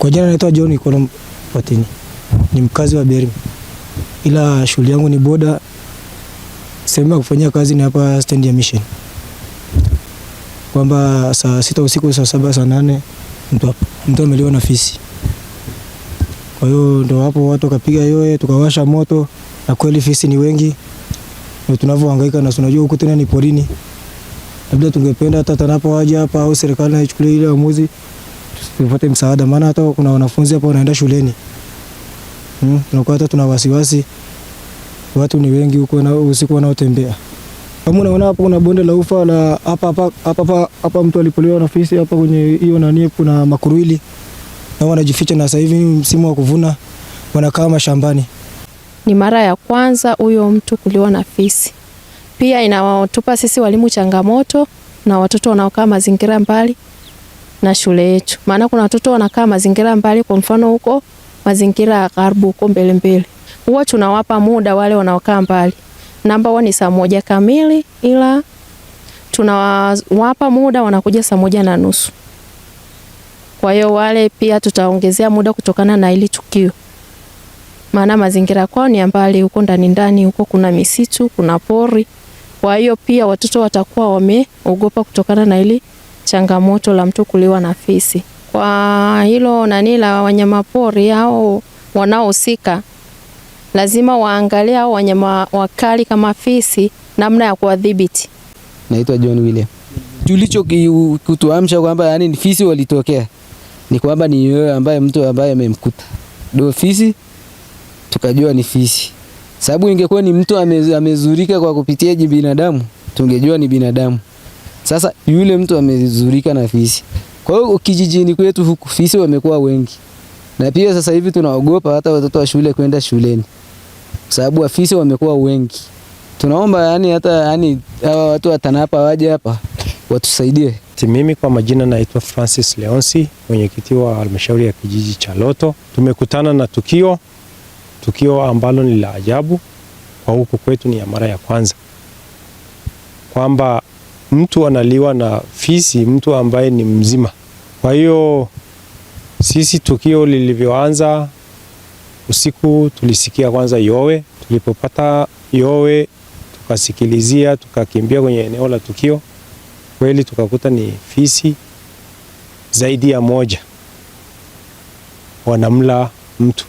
Kwa jina naitwa John Ikono Watini, ni mkazi wa Berim, ila shughuli yangu ni boda. Sehemu ya kufanyia kazi ni hapa stendi ya Mission, kwamba saa sita usiku, saa saba, saa nane mtu, mtu ameliwa na fisi. Kwa hiyo ndo hapo watu wakapiga yoye, tukawasha moto, na kweli fisi ni wengi, ndo tunavyohangaika na tunajua huko tena ni porini. Labda tungependa hata tanapo waja hapa au serikali naichukulia ile amuzi tupate msaada, maana hata kuna wanafunzi hapa wanaenda shuleni hmm, tunakuwa hata tuna wasiwasi, watu ni wengi huko na usiku wanaotembea. Kama unaona hapo kuna bonde la ufa la hapa hapa hapa hapa, mtu alipoliwa na fisi hapa kwenye hiyo nani, kuna makuruili na wanajificha, na sasa hivi msimu wa kuvuna wanakaa mashambani. Ni mara ya kwanza huyo mtu kuliwa na fisi. Pia inawatupa sisi walimu changamoto na watoto wanaokaa mazingira mbali na shule yetu, maana kuna watoto wanakaa mazingira mbali, kwa mfano huko mazingira ya karibu huko mbele mbele, huwa tunawapa muda wale wanaokaa mbali, namba huwa ni saa moja kamili, ila tunawapa muda wanakuja saa moja na nusu. Kwa hiyo wale pia tutaongezea muda kutokana na ili tukio, maana mazingira kwao ni mbali, huko ndani ndani huko kuna misitu, kuna pori. Kwa hiyo pia watoto watakuwa wameogopa kutokana na ili changamoto la mtu kuliwa na fisi. Kwa hilo nani la wanyamapori au wanaohusika lazima waangalie au wanyama wakali kama fisi, namna ya kuwadhibiti. Naitwa John William. Tulicho kutuamsha kwamba yani ni fisi walitokea ni kwamba ni yeye ambaye mtu ambaye amemkuta do fisi, tukajua ni fisi, sababu ingekuwa ni mtu amezurika kwa kupitia binadamu, tungejua ni binadamu. Sasa yule mtu amezurika na fisi. Kwa hiyo kijijini kwetu huku fisi wamekuwa wengi, na pia sasa hivi tunaogopa hata watoto wa shule kwenda shuleni kwa sababu fisi wamekuwa wengi. Tunaomba yani hata yani hawa watu wa TANAPA waje hapa watusaidie. Mimi kwa majina naitwa Francis Leonsi, mwenyekiti wa halmashauri ya kijiji cha Loto. Tumekutana na tukio tukio ambalo ni la ajabu kwa huku kwetu, ni ya mara ya kwanza kwamba mtu analiwa na fisi, mtu ambaye ni mzima. Kwa hiyo sisi tukio lilivyoanza usiku, tulisikia kwanza yowe. Tulipopata yowe, tukasikilizia, tukakimbia kwenye eneo la tukio, kweli tukakuta ni fisi zaidi ya moja wanamla mtu.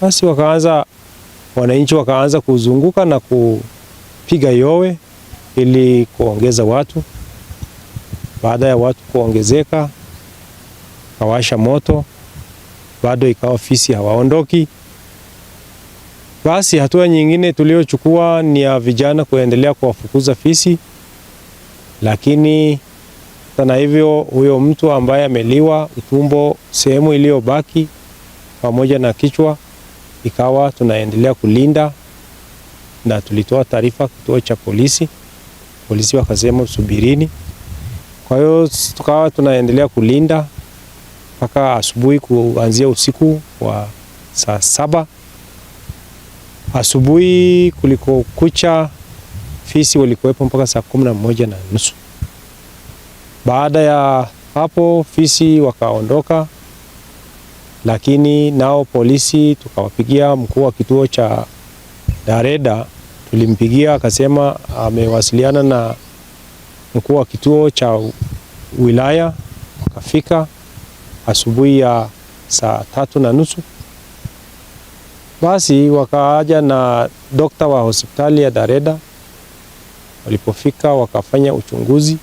Basi wakaanza wananchi wakaanza kuzunguka na kupiga yowe ili kuongeza watu. Baada ya watu kuongezeka, kawasha moto, bado ikawa fisi hawaondoki. Basi hatua nyingine tuliochukua ni ya vijana kuendelea kuwafukuza fisi, lakini na hivyo huyo mtu ambaye ameliwa utumbo, sehemu iliyobaki pamoja na kichwa, ikawa tunaendelea kulinda, na tulitoa taarifa kituo cha polisi polisi wakasema subirini. Kwa hiyo tukawa tunaendelea kulinda mpaka asubuhi, kuanzia usiku wa saa saba asubuhi kuliko kucha, fisi walikuwepo mpaka saa kumi na moja na nusu. Baada ya hapo fisi wakaondoka, lakini nao polisi tukawapigia mkuu wa kituo cha Dareda Tulimpigia akasema amewasiliana na mkuu wa kituo cha wilaya, akafika asubuhi ya saa tatu na nusu. Basi wakaaja na dokta wa hospitali ya Dareda, walipofika wakafanya uchunguzi